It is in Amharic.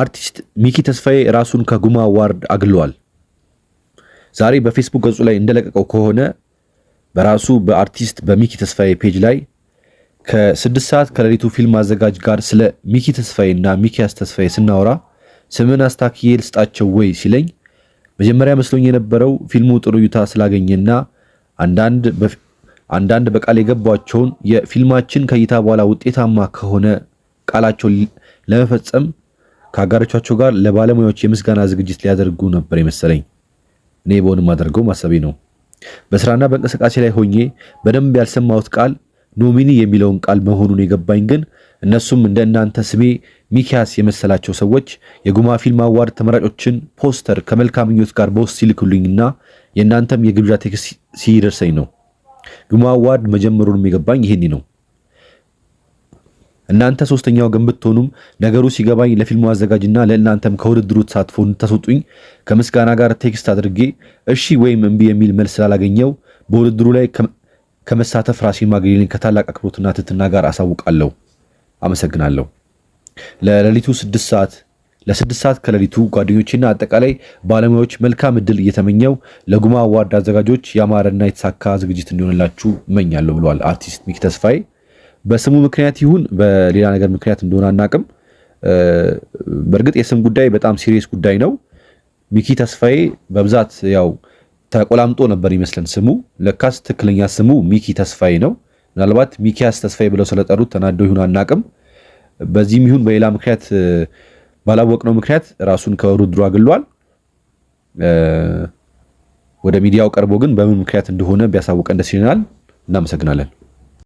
አርቲስት ሚኪ ተስፋዬ ራሱን ከጉማ አዋርድ አግሏል። ዛሬ በፌስቡክ ገጹ ላይ እንደለቀቀው ከሆነ በራሱ በአርቲስት በሚኪ ተስፋዬ ፔጅ ላይ ከስድስት ሰዓት ከሌሊቱ ፊልም አዘጋጅ ጋር ስለ ሚኪ ተስፋዬ እና ሚኪያስ ተስፋዬ ስናወራ ስምን አስታክዬ ልስጣቸው ወይ ሲለኝ መጀመሪያ መስሎኝ የነበረው ፊልሙ ጥሩ እይታ ስላገኘና አንዳንድ በቃል የገቧቸውን የፊልማችን ከእይታ በኋላ ውጤታማ ከሆነ ቃላቸውን ለመፈጸም ከአጋሮቻቸው ጋር ለባለሙያዎች የምስጋና ዝግጅት ሊያደርጉ ነበር የመሰለኝ። እኔ በሆንም አደርገው ማሰቤ ነው። በስራና በእንቅስቃሴ ላይ ሆኜ በደንብ ያልሰማሁት ቃል ኖሚኒ የሚለውን ቃል መሆኑን የገባኝ ግን እነሱም እንደ እናንተ ስሜ ሚኪያስ የመሰላቸው ሰዎች የጉማ ፊልም አዋርድ ተመራጮችን ፖስተር ከመልካም ምኞት ጋር በውስጥ ሲልኩልኝና የእናንተም የግብዣ ቴክስ ሲደርሰኝ ነው። ጉማ አዋርድ መጀመሩንም የገባኝ ይህኒ ነው። እናንተ ሶስተኛው ግን ብትሆኑም ነገሩ ሲገባኝ ለፊልሙ አዘጋጅና ለእናንተም ከውድድሩ ተሳትፎ እንድታስወጡኝ ከምስጋና ጋር ቴክስት አድርጌ እሺ ወይም እምቢ የሚል መልስ ስላላገኘው በውድድሩ ላይ ከመሳተፍ ራሴን ማግሌልን ከታላቅ አክብሮትና ትህትና ጋር አሳውቃለሁ። አመሰግናለሁ። ለሌሊቱ ስድስት ሰዓት ለስድስት ሰዓት ከሌሊቱ ጓደኞችና አጠቃላይ ባለሙያዎች መልካም እድል እየተመኘው ለጉማ አዋርድ አዘጋጆች ያማረና የተሳካ ዝግጅት እንዲሆንላችሁ እመኛለሁ ብለዋል አርቲስት ሚኪ ተስፋዬ። በስሙ ምክንያት ይሁን በሌላ ነገር ምክንያት እንደሆነ አናቅም። በእርግጥ የስም ጉዳይ በጣም ሲሪየስ ጉዳይ ነው። ሚኪ ተስፋዬ በብዛት ያው ተቆላምጦ ነበር ይመስለን ስሙ። ለካስ ትክክለኛ ስሙ ሚኪ ተስፋዬ ነው። ምናልባት ሚኪያስ ተስፋዬ ብለው ስለጠሩት ተናደው ይሁን አናቅም። በዚህም ይሁን በሌላ ምክንያት ባላወቅነው ምክንያት ራሱን ከውድድሩ አግሏል። ወደ ሚዲያው ቀርቦ ግን በምን ምክንያት እንደሆነ ቢያሳውቀን ደስ ይለናል። እናመሰግናለን።